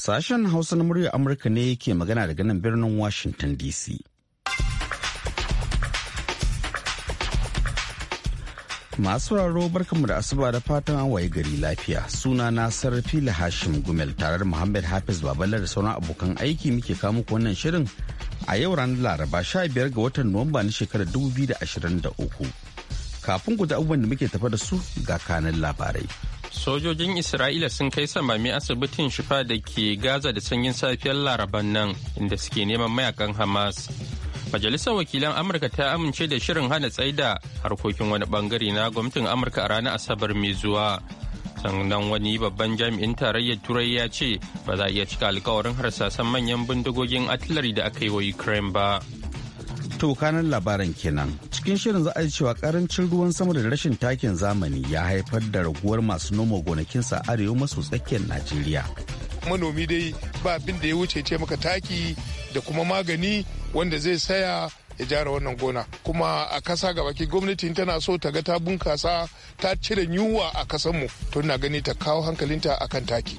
Sashen Hausa na muryar Amurka ne ke magana daga nan birnin Washington DC. Masu raro barkanmu da asuba da fatan an waye gari lafiya. Suna na sarrafi Hashim Gumel tare da Muhammad Hafiz babala da sauran abokan aiki muke kawo muku wannan shirin a yau ranar Laraba 15 ga watan Nuwamba na shekarar 2023. Kafin ku da abubuwan da muke tafa da su ga kanan labarai. sojojin isra'ila sun kai samami asibitin shifa da ke gaza da sanyin safiyar laraban nan inda suke neman mayakan hamas majalisar wakilan amurka ta amince da shirin hana tsaida harkokin wani bangare na gwamnatin amurka a ranar asabar mai zuwa sannan wani babban jami'in tarayyar turai ya ce ba za a iya cika alkawarin harsasan manyan bindigogin artillery da aka yi wa ukraine ba. To kanan labaran kenan. Cikin shirin za a yi cewa karancin ruwan sama da rashin takin zamani ya haifar da raguwar masu noma sa arewa maso tsakiyar Najeriya. Manomi dai ba abin da ya wuce ce maka taki da kuma magani wanda zai saya ya jara wannan gona kuma a kasa gabaki gwamnati tana so ta ga ta bunkasa ta cire yunwa a mu to na gani ta kawo hankalinta akan taki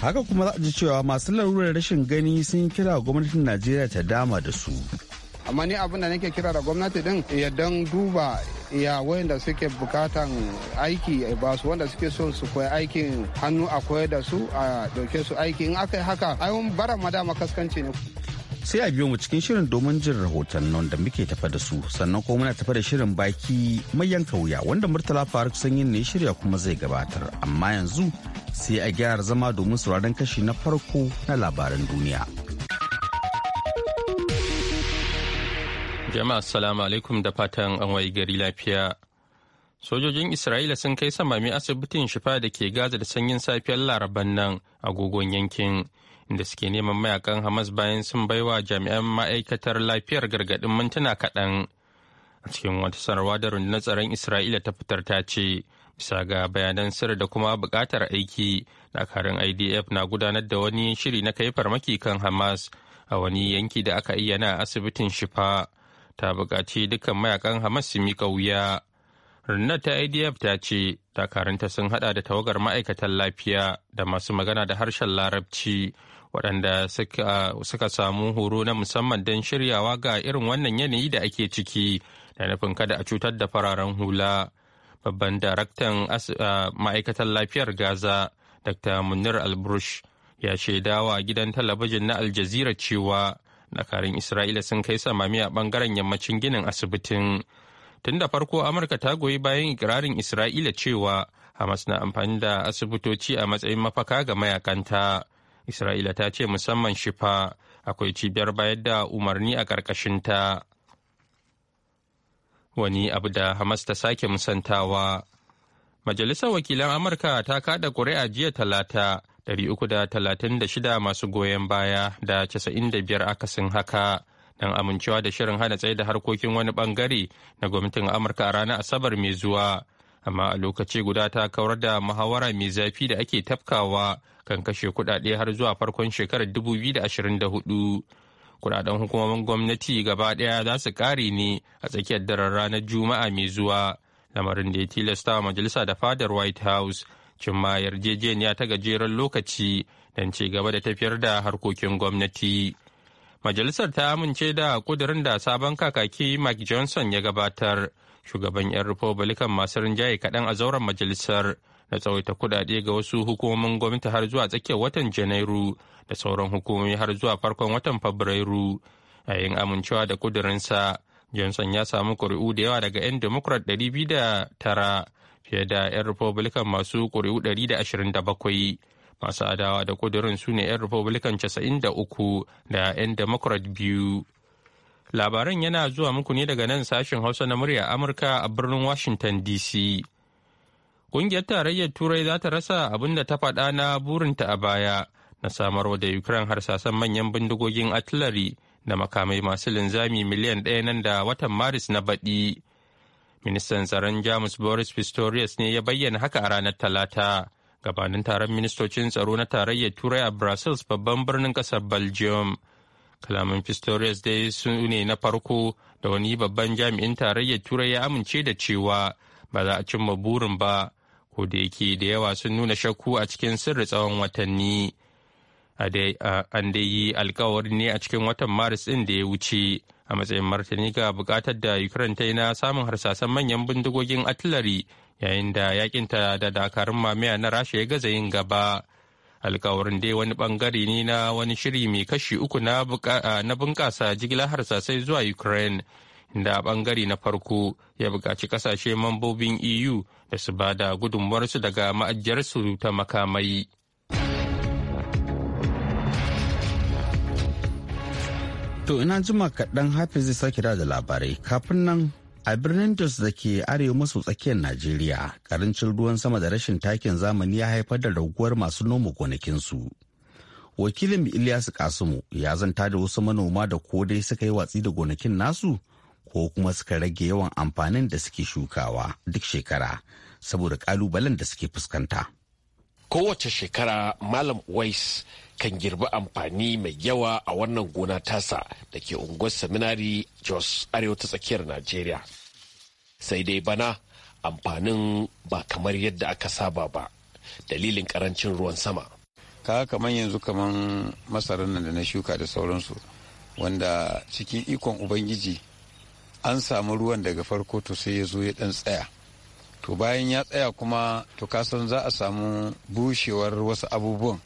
haka kuma za a ji cewa masu larurar rashin gani sun kira gwamnatin najeriya ta dama da su amma ni abin da nake kira da gwamnati din ya dan duba ya wayanda suke bukatan aiki ba su wanda suke so su koyi aikin hannu a koyar da su a dauke su aiki in aka yi haka mun bara madama kaskanci ne sai a biyo mu cikin shirin domin jin rahoton nan da muke tafa da su sannan kuma muna tafa da shirin baki mai yanka wuya wanda murtala faruk sanyin ne shirya kuma zai gabatar amma yanzu sai a gyara zama domin sauraron kashi na farko na labaran duniya. Jama'a assalamu alaikum da fatan an wayi gari lafiya. Sojojin Isra'ila sun kai samami asibitin shifa da ke Gaza da sanyin safiyar Laraban nan agogon yankin inda suke neman mayakan Hamas bayan sun baiwa jami'an ma'aikatar lafiyar gargaɗin mintuna kaɗan. A cikin wata sanarwa da rundunar tsaron Isra'ila ta fitar ta ce bisa ga bayanan sirri da kuma buƙatar aiki dakarun IDF na gudanar da wani shiri na kai farmaki kan Hamas a wani yanki da aka ayyana a asibitin shifa. ta buƙaci dukkan mayakan Hamas su miƙa wuya. rinnar ta idf ta ce takaranta sun hada da tawagar ma'aikatan lafiya da masu magana da harshen larabci waɗanda suka samu horo na musamman don shiryawa ga irin wannan yanayi da ake ciki da nufin kada a cutar da fararen hula. Babban daraktan ma'aikatan lafiyar Gaza, Dr. Munir Albrush, ya shaidawa gidan talabijin na Aljazeera cewa dakarun isra'ila sun kai samami a bangaren yammacin ginin asibitin tun da farko amurka ta goyi bayan ikirarin isra'ila cewa hamas na amfani da asibitoci a matsayin mafaka ga mayakanta isra'ila ta ce musamman shifa akwai cibiyar bayar da umarni a ƙarƙashinta wani abu da hamas ta sake musantawa majalisar wakilan amurka ta kada ƙuri'a jiya talata 336 masu goyon baya da 95 akasin haka don amincewa da shirin hana tsaye da harkokin wani bangare na gwamnatin amurka a ranar asabar mai zuwa amma a lokaci guda ta kawar da muhawara mai zafi da ake tafkawa kan kashe kudade har zuwa farkon shekarar 2024 kudaden hukumomin gwamnati gaba daya za su kare ne a tsakiyar daren ranar juma'a mai zuwa lamarin da ya tilasta majalisa da fadar white house cimma yarjejeniya ta gajeren lokaci don ci gaba da tafiyar da harkokin gwamnati. Majalisar ta amince da kudirin da sabon kakaki Mike Johnson ya gabatar, shugaban 'yan Republican masu rinjaye kaɗan a zauren majalisar da tsawaita kudade ga wasu hukumomin gwamnati har zuwa tsakiyar watan Janairu da sauran hukumomi har zuwa farkon watan Fabrairu. Yayin amincewa da kudirinsa, Johnson ya samu kuri'u da yawa daga 'yan Democrat tara. fiye da 'yan republican masu ƙuri'u 127 masu adawa da ƙudurin su ne 'yan republican 93 da 'yan democrat biyu labaran yana zuwa muku ne daga nan sashen hausa na murya amurka a birnin washington dc ƙungiyar tarayyar turai za ta rasa abin da ta faɗa na burinta a baya na samarwa da ukraine harsasan manyan bindigogin artillery da makamai masu linzami miliyan ɗaya nan da watan maris na baɗi Ministan tsaron Jamus Boris Pistorius ne ya bayyana haka a ranar Talata. Gabanin taron ministocin tsaro na tarayyar Turai a Brussels babban birnin kasar Belgium. kalamin Pistorius dai su ne na farko da wani babban jami'in tarayyar Turai ya amince da cewa ba za a cimma burin ba, ko da yake da yawa sun nuna shakku a cikin sirri tsawon watanni. An dai yi alkawari ne a cikin watan Maris ɗin da ya wuce. a matsayin martani ga bukatar da ukraine ta yi na samun harsasan manyan bindigogin artillery yayin da ta da dakarun mamaya na rasha ya gaza yin gaba alkawarin dai wani bangare ne na wani shiri mai kashi uku na bunƙasa jigilar harsasai zuwa ukraine da bangare na farko ya bukaci kasashe mambobin eu da su ba da gudunmuwarsu daga ma'ajiyarsu ta makamai To ina jima kaɗan hafi zai sake da labarai kafin nan a birnin Jos da ke arewa maso tsakiyar Najeriya karancin ruwan sama da rashin takin zamani ya haifar da raguwar masu noma gonakinsu. Wakilin Ilyasu Kasumu ya zanta da wasu manoma da ko dai suka yi watsi da gonakin nasu ko kuma suka rage yawan amfanin da suke shukawa duk shekara saboda kalubalen da suke fuskanta. Kowace shekara Malam Wais kan girbi amfani mai yawa a wannan gona tasa da ke unguwar seminari jos arewa ta tsakiyar nigeria sai dai bana amfanin ba kamar yadda aka saba ba dalilin karancin ruwan sama ka kamar yanzu kamar masarar nan da na shuka da sauransu wanda cikin ikon ubangiji an samu ruwan daga farko to sai ya zo ya dan tsaya to bayan ya tsaya kuma to kasan za a samu bushewar wasu abubuwan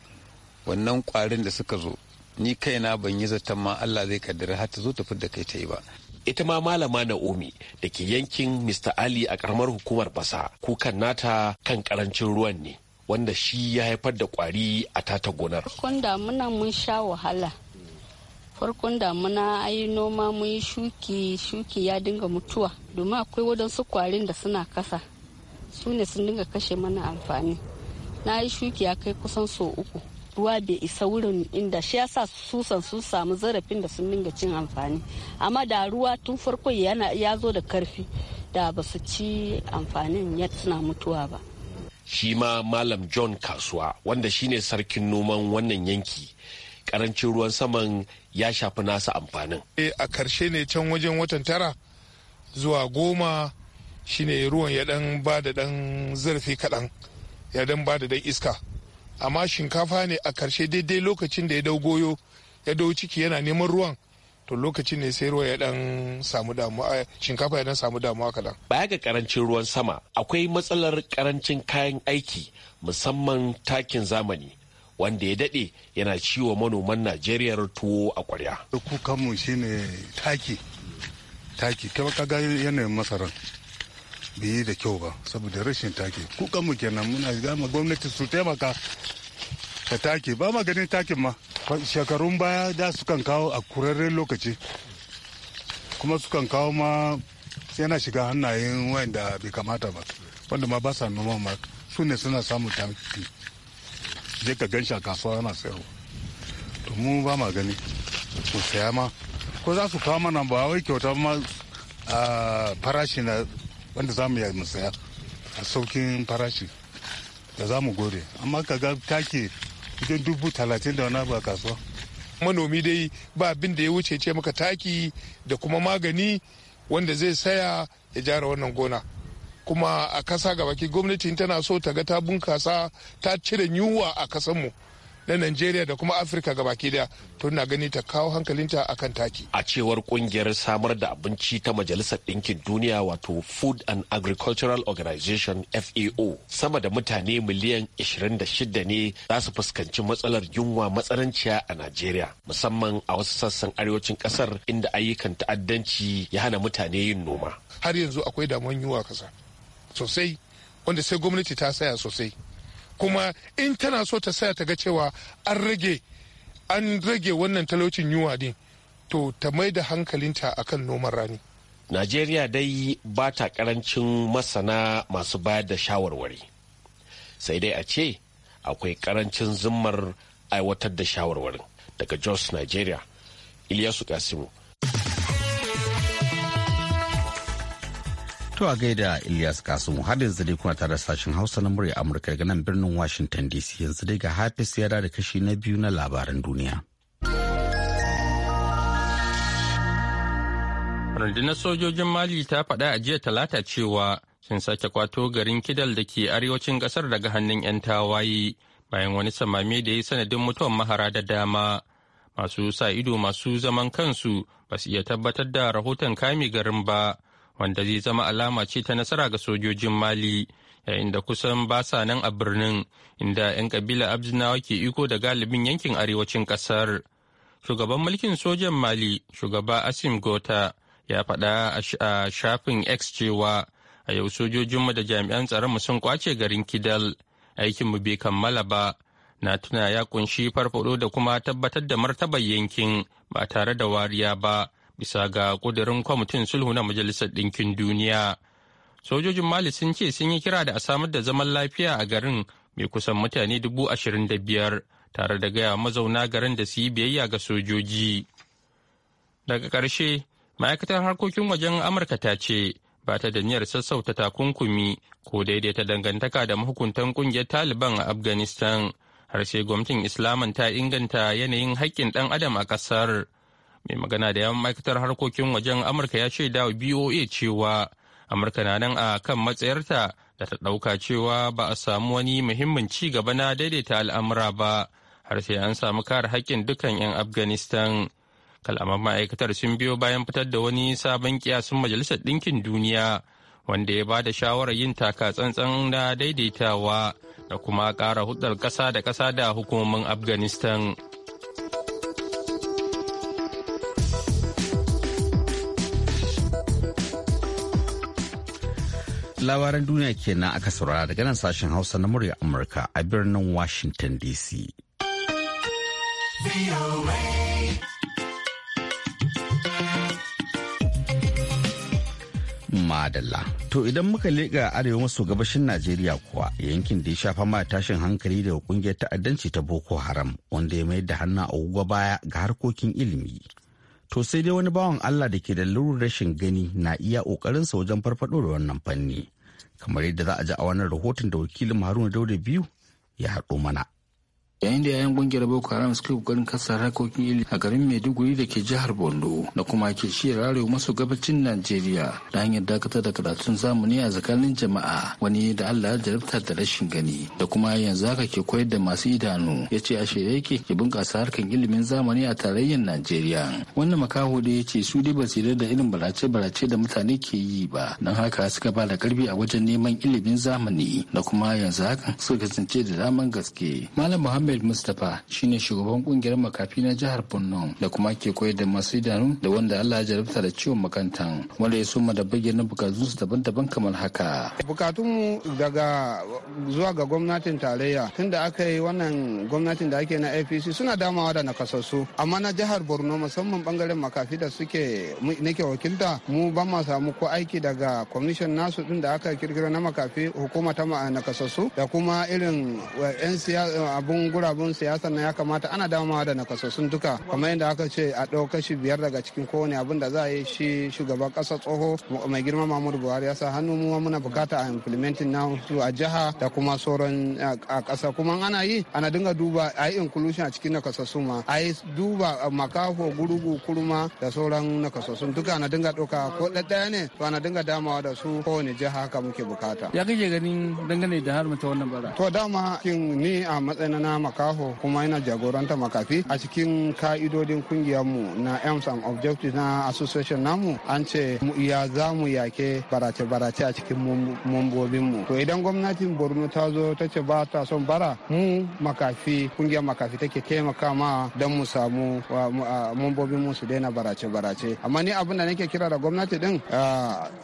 wannan kwarin da suka zo ni kaina ban yi zaton ma Allah zai kaddara har ta zo ta da kai ta yi ba ita ma malama Naomi da ke yankin Mr. Ali a karamar hukumar Basa kukan nata kan karancin ruwan ne wanda shi ya haifar da kwari a tata gonar. Farkon damuna mun sha wahala. Farkon damuna yi noma mun yi shuki shuki ya dinga mutuwa domin akwai wadansu kwarin da suna kasa su ne sun dinga kashe mana amfani. Na yi shuki ya kai kusan so uku. ruwa bai isa wurin inda shi yasa susan sun samu zarafin da sun dinga cin amfani amma da ruwa tun farko yana ya zo da karfi da ba su ci amfanin ya suna mutuwa ba shi ma malam john kasuwa wanda shine sarkin noman wannan yanki karancin ruwan saman ya shafi nasa amfanin eh, a karshe ne can wajen watan tara zuwa goma shine ruwan ya dan ba da dan zarafi kaɗan ya dan ba da dan iska amma shinkafa ne a karshe daidai lokacin da ya dau goyo ya dau ciki yana neman ruwan to lokacin ne sai ruwa ya dan samu damuwa eh, shinkafa ya dan samu damuwa kadan baya ga karancin ruwan sama akwai matsalar karancin kayan aiki musamman takin zamani wanda ya dade yana ciwo manoman Najeriya tuwo a kwarya kukan mu shine taki taki kaga yanayin masaran bai yi da kyau ba saboda rashin take kukanmu kenan muna gama gwamnati su taimaka ta take ba ma ganin takin ma shekarun baya da kan kawo a kurarren lokaci kuma kan kawo ma sai na shiga hannayen wanda bai kamata ba wanda ma ba sa noma ma su ne suna samun taki je ka gan a kasuwa yana sayarwa to mu ba ma gani mu saya ma ko za su kawo mana ba wai kyauta ma farashi na wanda za mu yi musaya a saukin farashi da za mu gode amma ka ga take dubu talatin da wani abu a kasuwa manomi dai ba abin da ya wuce ce maka taki da kuma magani wanda zai saya ya jara wannan gona kuma a kasa gabaki gwamnati tana so ta ga ta bunkasa ta cire yunwa a kasanmu na Najeriya da kuma Afirka gabaki daya to na gani ta kawo hankalinta akan taki. A cewar kungiyar samar da abinci ta Majalisar Ɗinkin Duniya wato Food and Agricultural Organization FAO sama da mutane miliyan 26 ne za su fuskanci matsalar yunwa matsananciya a Najeriya musamman a wasu sassan arewacin kasar inda ayyukan ta'addanci ya hana mutane yin noma. Har yanzu akwai damuwan yunwa kasa sosai wanda sai gwamnati ta saya sosai. kuma in tana so ta saya ta ga cewa an rage an rage wannan talaucin yunwa din to ta mai da hankalinta akan noman rani najeriya dai ba ta karancin masana masu bayar da shawarwari sai dai a ce akwai karancin zimmar aiwatar da shawarwarin daga jos nigeria ilyasu kasimu To a gaida Ilyas Kasum har yanzu dai kuna tare sashen Hausa na murya Amurka daga nan birnin Washington DC yanzu dai ga Hafiz ya da kashi na biyu na labaran duniya. Rundunar sojojin Mali ta faɗa a jiya talata cewa sun sake kwato garin Kidal da ke arewacin ƙasar daga hannun 'yan tawaye bayan wani samame da ya yi sanadin mutuwar mahara da dama. Masu sa ido masu zaman kansu ba su iya tabbatar da rahoton kame garin ba. wanda zai zama alama ce ta nasara ga sojojin mali yayin da kusan ba sa nan a birnin inda 'yan kabila abzinawa ke iko da galibin yankin arewacin kasar shugaban mulkin sojan mali shugaba asim gota ya faɗa a shafin x cewa a yau sojojinmu da jami'an tsaronmu sun kwace garin kidal aikinmu bai kammala ba na tuna ya kunshi farfaɗo da kuma tabbatar da martabar yankin ba tare da wariya ba bisa ga ƙudurin kwamitin sulhu na majalisar ɗinkin duniya sojojin mali sun ce sun yi kira da a samar da zaman lafiya a garin mai kusan mutane dubu ashirin da biyar tare da gaya mazauna garin da su yi biyayya ga sojoji daga ƙarshe ma'aikatar harkokin wajen amurka ta ce ba ta da niyyar sassauta takunkumi ko daidaita dangantaka da mahukuntan kungiyar taliban a afghanistan har sai gwamnatin islaman ta inganta yanayin haƙƙin ɗan adam a ƙasar. mai magana da yawan ma'aikatar harkokin wajen amurka ya ce wa boa cewa amurka na nan a kan matsayarta da ta ɗauka cewa ba a samu wani muhimmin ci gaba na daidaita al'amura ba har sai an samu kare haƙƙin dukkan 'yan afghanistan kalaman ma'aikatar sun biyo bayan fitar da wani sabon kiyasin majalisar ɗinkin duniya wanda ya ba da shawarar yin taka tsantsan na daidaitawa da kuma ƙara hudar ƙasa da ƙasa da hukumomin afghanistan. labaran duniya kenan aka saurara daga nan sashen hausa na murya amurka a birnin washington dc madalla to idan muka leƙa arewa maso gabashin najeriya kuwa yankin da ya shafa ma tashin hankali daga kungiyar ta'addanci ta boko haram wanda ya mayar da hannu a baya ga harkokin ilimi to sai dai wani bawan Allah da ke da lurin rashin gani na iya ƙoƙarinsa wajen farfaɗo da wannan fanni. kamar yadda za a ji a wannan rahoton da wakilin haruna daure biyu ya haɗo mana yayin da yayan kungiyar boko haram suke kokarin kasa harkokin ilimi a garin maiduguri da ke jihar borno da kuma ke shiyar arewa maso gabacin najeriya da hanyar dakatar da karatun zamani a tsakanin jama'a wani da allah jarabta da rashin gani da kuma yanzu haka ke koyar da masu idanu ya ce a shirye yake ke bunkasa harkar ilimin zamani a tarayyar najeriya wannan makaho da ya ce su dai ba su da irin barace-barace da mutane ke yi ba don haka suka ba da karfi a wajen neman ilimin zamani da kuma yanzu haka suka kasance da daman gaske malam muhammad Ahmed Mustapha shine shugaban kungiyar makafi na jihar Borno da kuma ke koyar da masu idanu da wanda Allah ya jarabta da ciwon makantan wanda ya soma da bayyana bukatun su daban-daban kamar haka. mu daga zuwa ga gwamnatin tarayya tunda aka yi wannan gwamnatin da ake na APC suna damawa da nakasassu amma na jihar Borno musamman bangaren makafi da suke nake wakilta mu ba ma samu ko aiki daga kwamishin nasu din da aka kirkira na makafi hukuma ta nakasassu da kuma irin 'yan abun gurabun siyasa na ya kamata ana damawa da nakasassun duka kamar yadda aka ce a ɗau kashi biyar daga cikin kowane abin da za a yi shi shugaban ƙasa tsoho mai girma Muhammadu Buhari ya sa hannu mu muna bukata a implementing na a jiha da kuma sauran a ƙasa kuma ana yi ana dinga duba a yi inclusion a cikin nakasassun ma a yi duba makaho gurugu kurma da sauran nakasassun duka ana dinga ɗauka ko ɗaya ne to ana dinga damawa da su kowane jiha haka muke bukata. Ya kake ganin dangane da harmata wannan bara? To dama kin ni a matsayin na makaho kuma yana jagoranta makafi a cikin ka'idodin kungiyarmu na aims and objectives na association namu an ce ya za mu yake barace-barace a cikin mambobinmu to idan gwamnatin borno ta zo ta ce ba ta son bara mu makafi kungiyar makafi take taimaka ma don mu samu mambobinmu su daina barace-barace amma ni abin da nake kira da gwamnati din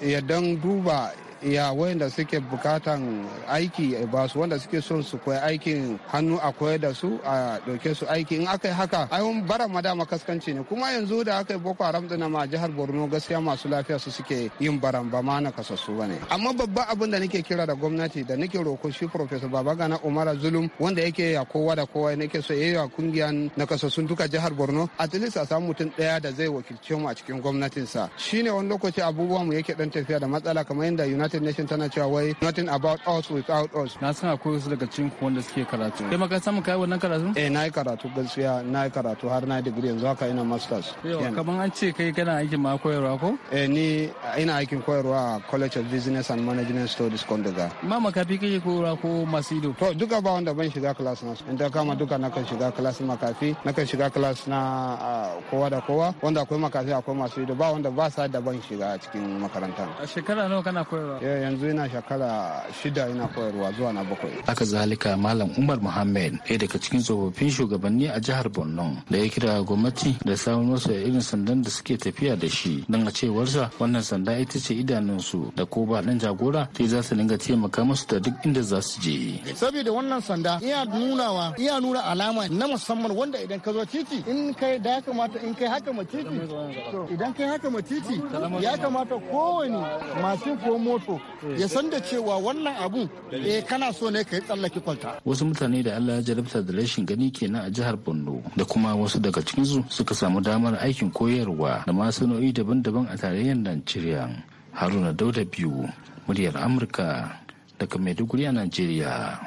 ya don duba ya wayanda suke bukatan aiki eh, ba su wanda suke son su koya aikin hannu a koyar da su a doke su aiki in aka yi haka ai bara ma dama kaskanci ne kuma yanzu da aka yi boko haram din ma jihar borno gaskiya masu lafiya su suke yin baran ba ma na kasassu bane amma babban abin da nake kira da gwamnati da nake roko shi professor babagana umara zulum wanda yake ya kowa da kowa nake so yayi wa kungiyan na kasassun duka jihar borno at least a samu mutum daya da zai wakilce mu a cikin gwamnatinsa shine wani lokaci abubuwan mu yake dan tafiya da matsala kamar yadda United Nations tana cewa wai nothing about us without us. Na san akwai wasu daga cikin ku wanda suke karatu. Kai ma ka samu kai wannan karatu? Eh na yi karatu gaskiya na yi karatu har na digiri yanzu haka ina masters. Yau kaman an ce kai kana aikin ma koyarwa ko? Eh ni ina aikin koyarwa a College of Business and Management Studies Kondoga. Ma makafi kake koyarwa ko masu ido? To duka ba wanda ban shiga class na. In ta kama duka na kan shiga class makafi, na kan shiga class na kowa da kowa wanda akwai makafi akwai masu ido ba wanda ba sa da ban shiga a cikin makaranta. A shekara nawa kana koyarwa? Eh, yanzu yana shekara shida yana koyarwa zuwa na bakwai aka zalika malam umar muhammed ɗaya daga cikin tsofaffin shugabanni a jihar borno da ya kira gwamnati da samun masa irin sandan da suke tafiya da shi don a cewarsa wannan sanda ita ce idanunsu da ko ba ɗan jagora ta za su dinga taimaka musu da duk inda za su je saboda wannan sanda iya nunawa iya nuna alama na musamman wanda idan ka zo titi in kai da ya kamata in kai haka ma titi idan kai haka ma titi ya kamata kowane masu ko moto so eh. ya san da cewa wannan abun eh kana so ne ka yi tsallake kwalta wasu mutane da Allah ya jarabta da rashin gani kenan a jihar Borno da kuma wasu daga cikin su suka samu damar aikin koyarwa da masana'o'i daban-daban a tarayyar Najeriya Haruna Dauda biyu muryar Amurka daga Maiduguri a Najeriya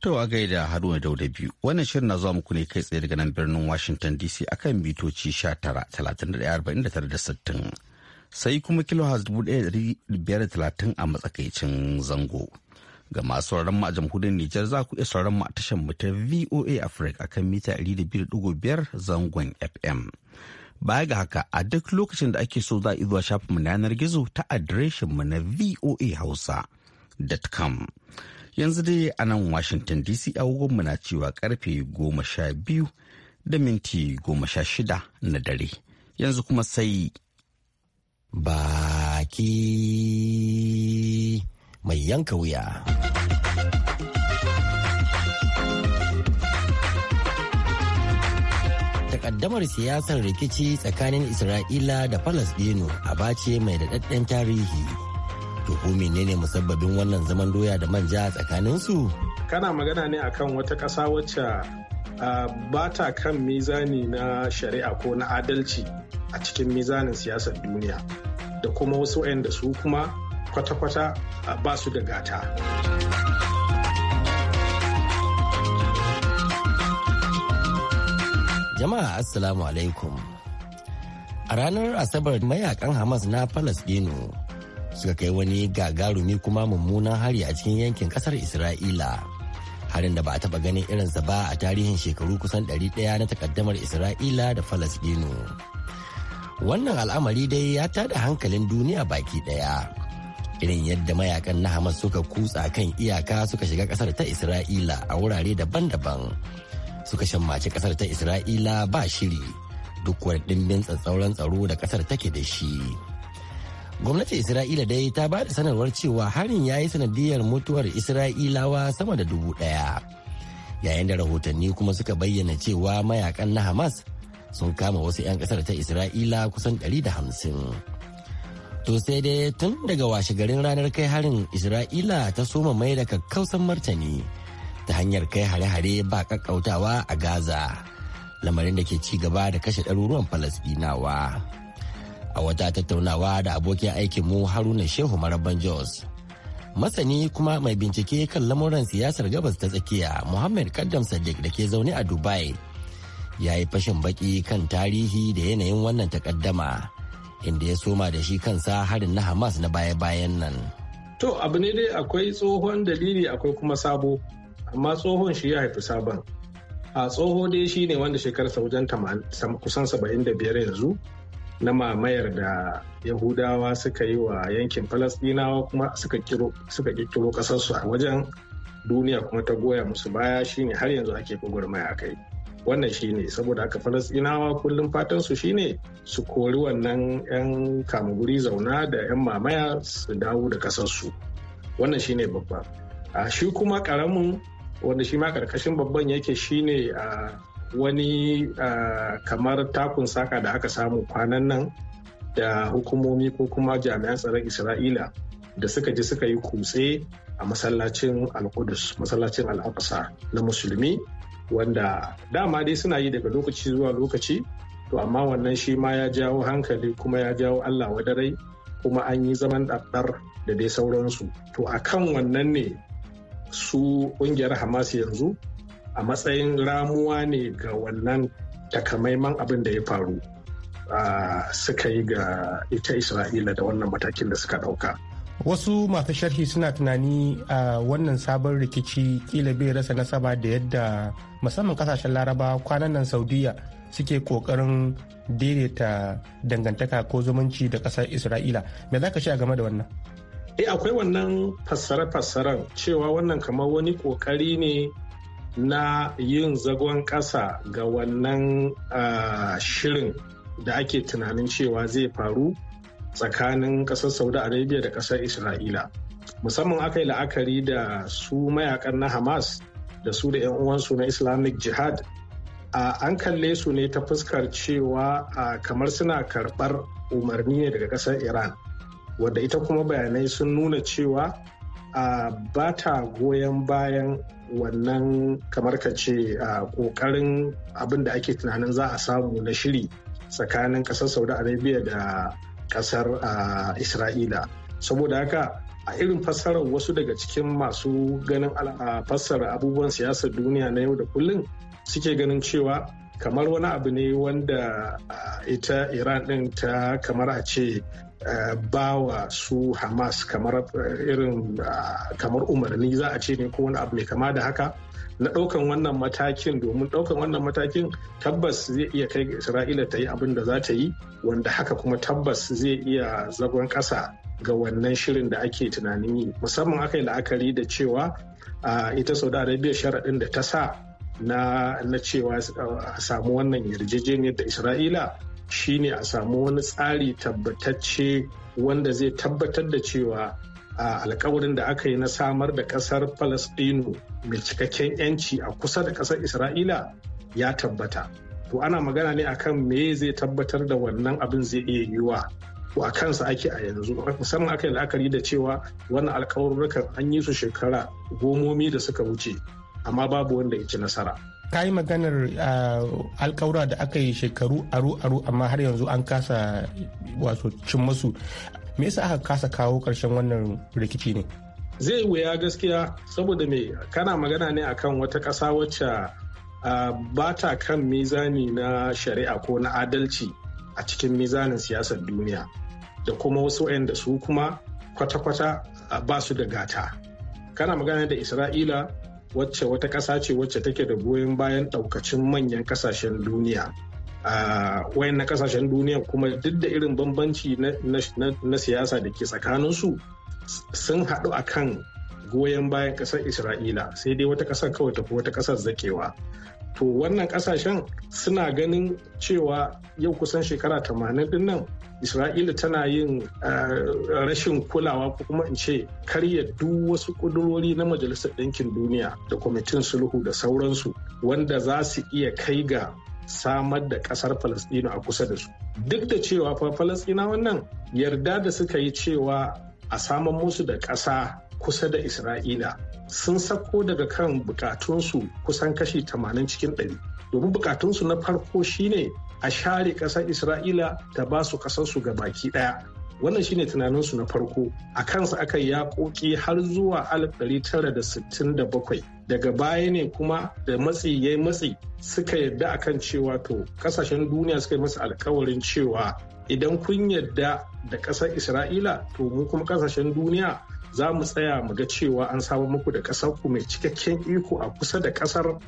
To a gaida Haruna Dauda biyu wannan shirin na zuwa muku ne kai tsaye daga nan birnin Washington DC akan bitoci 19 31 da 60 sai kuma da 1530 a matsakaicin zango. Ga masu sauraron mu a jamhuriyar Nijar za ku iya sauraron mu a tashar mu ta VOA Africa kan mita 200.5 zangon FM. Baya ga haka a duk lokacin da ake so za a zuwa shafin mu na yanar gizo ta adireshin mu na voa voahausa.com. Yanzu dai a nan Washington DC agogon mu na cewa karfe goma sha biyu da minti goma sha shida na dare. Yanzu kuma sai baki mai yanka wuya. Takaddamar siyasar rikici tsakanin Isra'ila da Falasdino a bace mai daɗaɗɗen tarihi. tuhumi ne ne musabbabin wannan zaman doya da manja tsakaninsu? Kana magana ne akan wata ƙasa wacce ba ta kan mizani na shari'a ko na adalci a cikin mizanin siyasar duniya da kuma wasu wayanda su kuma kwata-kwata ah, ba su da gata. Jama'a Assalamu alaikum. A ranar Asabar mayakan Hamas na Falasdino suka kai wani gagarumi kuma mummunan hari a cikin yankin kasar Isra'ila. Harin da ba a taɓa ganin irinsa ba a tarihin shekaru kusan 100 na takaddamar Isra'ila da Falasdino. wannan al'amari dai ya tada hankalin duniya baki daya irin yadda mayakan na hamas suka kutsa kan iyaka suka shiga kasar ta isra'ila a wurare daban-daban suka shammaci kasar ta isra'ila ba shiri duk wani dimbin tsatsauran tsaro da kasar take da shi gwamnatin isra'ila dai ta ba da sanarwar cewa harin ya yi sanadiyar mutuwar isra'ilawa sama da dubu daya yayin da rahotanni kuma suka bayyana cewa mayakan na hamas sun kama wasu 'yan kasar ta isra'ila kusan 150 to sai dai tun daga washe garin ranar kai harin isra'ila ta soma mai da kakkausan martani ta hanyar kai hare-hare ba kakkautawa a gaza lamarin da ke ci gaba da kashe ɗaruruwan falasdinawa a wata tattaunawa da abokin aikinmu haruna shehu maraban jos masani kuma mai bincike kan lamuran siyasar gabas ta tsakiya muhammad kaddam sadiq da ke zaune a dubai ya yi fashin baki kan tarihi da yanayin wannan takaddama inda ya soma da shi kansa harin na hamas na baya-bayan nan to abu ne dai akwai tsohon dalili akwai kuma sabo amma tsohon shi ya haifi sabon a tsoho dai shi ne wanda shekararsa wajen kusan 75 yanzu na mamayar da yahudawa suka yi wa yankin falasdinawa kuma suka kirkiro kasarsu a wajen duniya kuma ta goya musu baya shi ne har yanzu ake gwagwarmaya a kai wannan shi ne saboda haka falasɗinawa kullum fatan su ne su kori wannan 'yan kamuguri zauna da 'yan mamaya su dawo da kasarsu wannan shi ne babba a shi kuma karamin wanda shi ma karkashin babban yake shine a wani kamar takun saka da aka samu kwanan nan da hukumomi ko kuma jami'an tsaron isra'ila da suka ji suka yi kutse a masallacin al masallacin al na musulmi wanda dama dai suna yi daga lokaci zuwa lokaci to amma wannan shi ma ya jawo hankali kuma ya jawo allah wadarai kuma an yi zaman ɗaɗɗar da dai sauransu to a kan wannan ne su ƙungiyar hamas yanzu a matsayin ramuwa ne ga wannan takamaiman abin da ya faru ah, suka yi ga ita isra'ila da wannan matakin da suka ɗauka. wasu masu sharhi suna tunani a wannan sabon rikici kila bai rasa nasaba da yadda musamman kasashen laraba kwanan nan saudiya suke kokarin daidaita dangantaka ko zumunci da kasar isra'ila me za ka sha game da wannan eh akwai wannan fassare-fassaren cewa wannan kamar wani kokari ne na yin zagon kasa ga wannan shirin da ake tunanin cewa zai faru tsakanin kasar saudi arabia da kasar isra'ila musamman aka yi la'akari da su mayakan na hamas da su da 'yan uwansu na islamic jihad an kalle su ne ta fuskar cewa kamar suna karɓar umarni ne daga kasar iran wadda ita kuma bayanai sun nuna cewa ba ta goyon bayan wannan kamar ka ce kokarin abin da ake tunanin za a samu na shiri tsakanin kasar saudi arabia da kasar isra'ila saboda haka a irin fassarar wasu daga cikin masu ganin fassara abubuwan siyasar duniya na yau da kullum suke ganin cewa kamar wani abu ne wanda ita iran din ta kamar a ce ba su hamas kamar irin kamar umarni za a ce ne ko wani abu mai kama da haka na ɗaukan wannan matakin domin ɗaukan wannan matakin tabbas zai iya kai isra'ila ta yi abin da za ta yi wanda haka kuma tabbas zai iya zagon ƙasa ga wannan shirin da ake tunanin yi musamman aka yi la'akari da cewa ita saudi arabia sharaɗin da ta sa na cewa a samu wannan yarjejeniyar da isra'ila shine a samu wani tsari tabbatacce wanda zai tabbatar da cewa a alkawarin da aka yi na samar da kasar Falasɗinu mai cikakken 'yanci a kusa da kasar Isra'ila ya tabbata. To ana magana ne akan me zai tabbatar da wannan abin zai iya yiwa To a kansa ake a yanzu musamman aka yi la'akari da cewa wannan alkawarurrukan an yi su shekara gomomi da suka wuce amma babu wanda ya ci nasara. ka yi maganar alkawura da aka yi shekaru aru aru amma har yanzu an kasa wato cin masu me yasa aka kasa kawo ƙarshen wannan rikici ne zai wuya gaskiya saboda me kana magana ne akan wata ƙasa wacce ba ta kan mizani na shari'a ko na adalci a cikin mizanin siyasar duniya da kuma wasu da su kuma kwata-kwata ba su da gata kana magana da isra'ila wacce wata ƙasa ce wacce take da goyon bayan ɗaukacin manyan ƙasashen duniya a na kasashen duniya kuma duk da irin bambanci na siyasa da ke tsakaninsu sun haɗu a kan goyon bayan ƙasar isra'ila sai dai wata ƙasar kawai tafi wata ƙasar zakewa to wannan ƙasashen suna ganin cewa yau kusan shekara 80 din nan isra'ila tana yin rashin kulawa ko kuma in ce karya duk wasu ƙudurori na majalisar ɗinkin duniya da kwamitin sulhu da sauransu wanda za su iya kai ga samar da kasar Falasɗinu a kusa da su. Duk da cewa fa Falasɗina wannan yarda da suka yi cewa a samar musu da ƙasa kusa da Isra'ila sun sako daga kan bukatunsu kusan kashi 80 cikin 100. Domin bukatunsu na farko shine a share ƙasar Isra'ila ta ba su ƙasarsu ga baki ɗaya. Wannan shine tunaninsu na farko a kansa aka yi yaƙoƙi har zuwa 1967 daga baya ne kuma da matsi ya matsi suka yadda kan cewa to kasashen duniya suka yi masa alkawarin cewa idan kun yadda da ƙasar isra'ila to mu kuma kasashen duniya za mu tsaya mu ga cewa an samu muku da ƙasar ku mai cikakken iko a kusa da ƙasar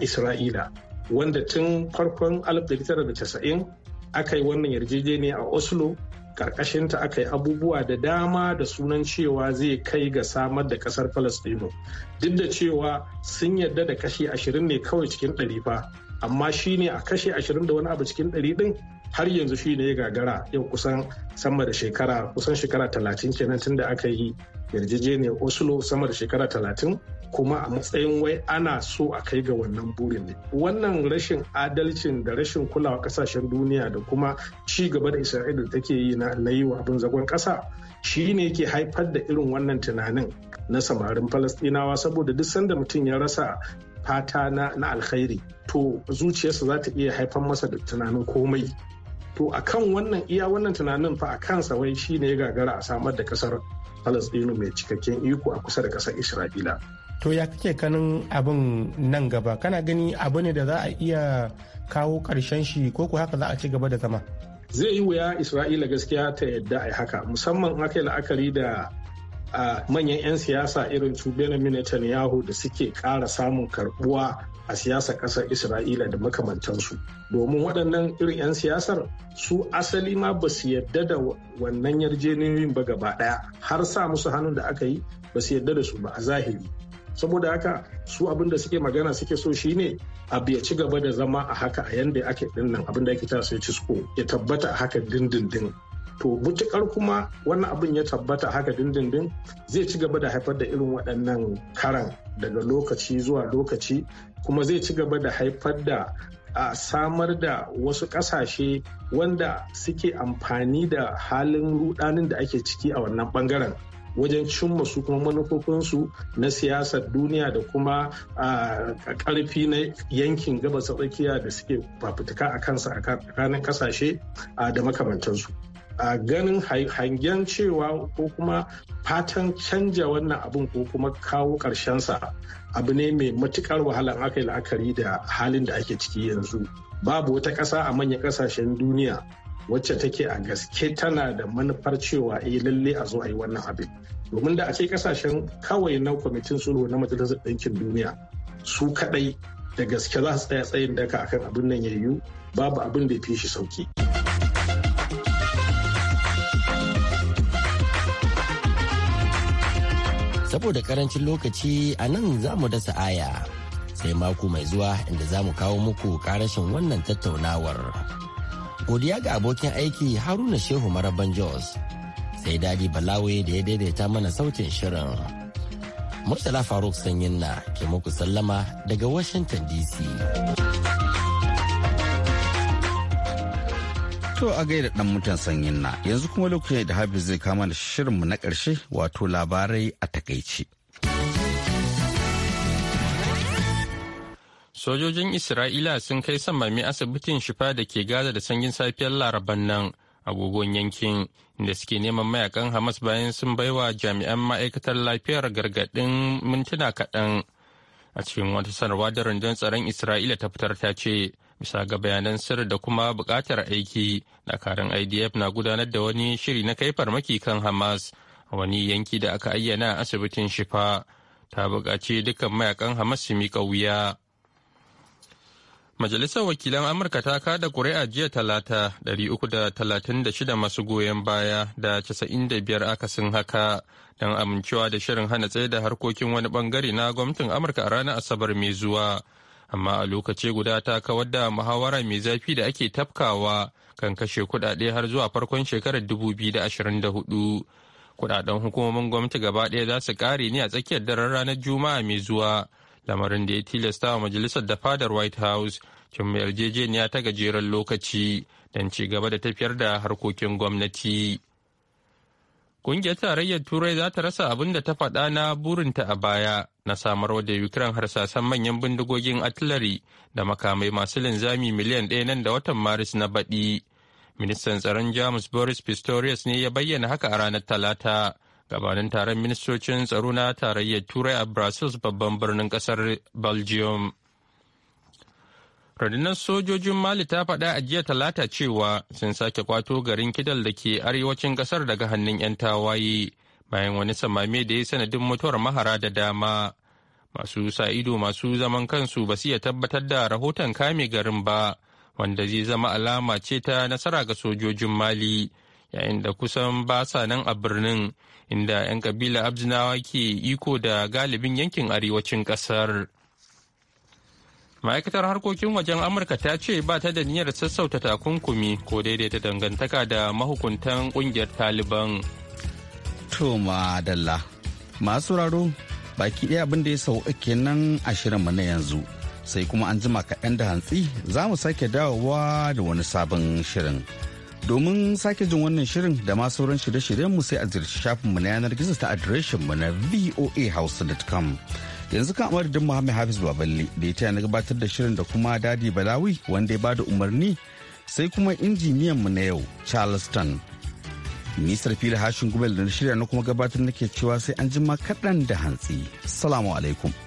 isra'ila wanda tun farkon 1990 aka yi wannan yarjejeniya a oslo karkashinta aka yi abubuwa da dama da sunan cewa zai kai ga samar da kasar palestino duk da cewa sun yarda da kashi ashirin ne kawai cikin ɗari fa amma shine a kashi ashirin da wani abu cikin ɗari ɗin har yanzu shi ne gagara yau kusan sama da shekara kusan shekara talatin kenan tun da aka yi yarjejeniyar oslo sama da shekara talatin kuma a matsayin wai ana so a kai ga wannan burin ne wannan rashin adalcin da rashin kulawa kasashen duniya da kuma ci gaba da isra'ila take yi na yi wa abin zagon kasa shi ne ke haifar da irin wannan tunanin na samarin falastinawa saboda duk sanda mutum ya rasa fata na alkhairi to zuciyarsa za ta iya haifar masa da tunanin komai to a kan wannan iya wannan tunanin fa a kansa wai shi ne ya gagara a samar da kasar falastinu mai cikakken iko a kusa da kasar isra'ila to ya kake kanin abin nan gaba kana gani abu ne da za a iya kawo karshen shi ko ku haka za a ci gaba da zama zai yi wuya isra'ila gaskiya ta yadda a haka musamman aka yi la'akari da manyan 'yan siyasa irin su benjamin netanyahu da suke ƙara samun karbuwa a siyasa ƙasar isra'ila da makamantansu domin waɗannan irin 'yan siyasar su asali ma ba su yadda da wannan yarjejeniyoyin ba gaba ɗaya har sa musu hannun da aka yi ba su yadda da su ba a zahiri saboda haka su abin da suke magana suke so shi ne abu ya ci gaba da zama a haka a yanda ake dinnan abin da ake tasa cisco ya tabbata a haka dindindin to mutukar kuma wannan abin ya tabbata haka dindindin zai ci gaba da haifar da irin waɗannan karan daga lokaci zuwa lokaci kuma zai ci gaba da haifar da a samar da wasu kasashe wanda suke amfani da halin rudanin da ake ciki a wannan bangaren wajen cimma su kuma manufofinsu na siyasar duniya da kuma a karfi na yankin gabas tsakiya da suke fafutuka a kansa a kanin kasashe da makamantansu. a ganin hangen cewa ko kuma fatan canja wannan abin ko kuma kawo sa abu ne mai matukar wahala aka yi la'akari da halin da ake ciki yanzu babu wata ƙasa a manyan ƙasashen duniya wacce take a gaske tana da manufar cewa yi eh, lalle a zo a yi wannan abin domin da a ce kasashen kawai na kwamitin sulhu na majalisar ɗinkin duniya su kaɗai da gaske za su tsaya tsayin daka akan abin nan ya yayyu babu abin da ya fi shi sauki. saboda karancin lokaci a nan za mu dasa aya sai mako mai zuwa inda za mu kawo muku karashin wannan tattaunawar godiya ga abokin aiki haruna shehu maraban jos sai dadi balawe da ya daidaita mana sautin shirin murtala faruk sanyin na ke muku sallama daga washington dc To a gaida dan mutan sanyin na yanzu kuma lokacin da Hafiz zai kama da shirinmu na ƙarshe wato labarai a takaici. Sojojin Isra'ila sun kai samami asibitin shifa da ke Gaza da sanyin safiyar laraban nan agogon yankin da suke neman mayakan Hamas bayan sun baiwa jami'an ma'aikatar lafiyar gargaɗin mintuna kaɗan. A cikin wata sanarwa da rundun tsaron Isra'ila ta fitar ta ce, bisa ga bayanan sir da kuma buƙatar aiki dakarun idf na gudanar da wani shiri na kai farmaki kan hamas a wani yanki da aka ayyana asibitin shifa ta buƙaci dukkan mayakan hamas su miƙa wuya majalisar wakilan amurka ta kada ƙuri'a jiya talata 336 masu goyon baya da 95 akasin haka don amincewa da shirin hana tsaye da harkokin wani bangare na gwamnatin amurka a ranar asabar mai zuwa amma a lokaci guda ta kawar da muhawara mai zafi da ake tafkawa kan kashe kudade har zuwa farkon shekarar 2024 kudaden hukumomin gwamnati gaba ɗaya za su ƙare ne a tsakiyar daren ranar juma'a mai zuwa lamarin da ya tilasta wa majalisar da fadar white house cin yarjejeniya ta gajeren lokaci don ci gaba da tafiyar da harkokin gwamnati. Ƙungiyar Tarayyar Turai za ta rasa abin da ta faɗa na burinta a baya na samarwa da Ukraine harsasan manyan bindigogin artillery da makamai masu linzami miliyan ɗaya nan da watan Maris na baɗi. Ministan tsaron Jamus Boris Pistorius ne ya bayyana haka a ranar Talata. gabanin taron ministocin tsaro na tarayyar turai a brussels babban birnin kasar belgium Rundunar sojojin Mali ta faɗa a jiya talata cewa sun sake kwato garin Kidal da ke arewacin ƙasar daga hannun 'yan tawaye bayan wani samame da ya sanadin mutuwar mahara da dama. Masu sa ido masu zaman kansu ba su iya tabbatar da rahoton kame garin ba, wanda zai zama alama ce ta nasara ga sojojin Mali. yayin da kusan ba sa nan a birnin inda 'yan kabila abzinawa ke iko da galibin yankin arewacin ƙasar. ma'aikatar harkokin wajen amurka ta ce ba ta da niyyar sassauta takunkumi ko daidai daidaita dangantaka da mahukuntan kungiyar taliban to madalla masu raro baki ɗaya abin da ya sau nan a shirinmu na yanzu sai kuma an jima kaɗan da hantsi za mu sake dawowa da wani sabon shirin domin sake jin wannan shirin da ma sauran shirye shiryen mu sai a ziyarci shafinmu na yanar gizo ta adireshinmu na voahausa.com. yanzu kan amadadin muhammed hafiz baballe da ya taya na gabatar da shirin da kuma dadi balawi wanda ya bada umarni sai kuma injiniyan mu na yau charleston nisar fili hashin gubel da shirya na kuma gabatar nake cewa sai an jima kaɗan da hantsi salamu alaikum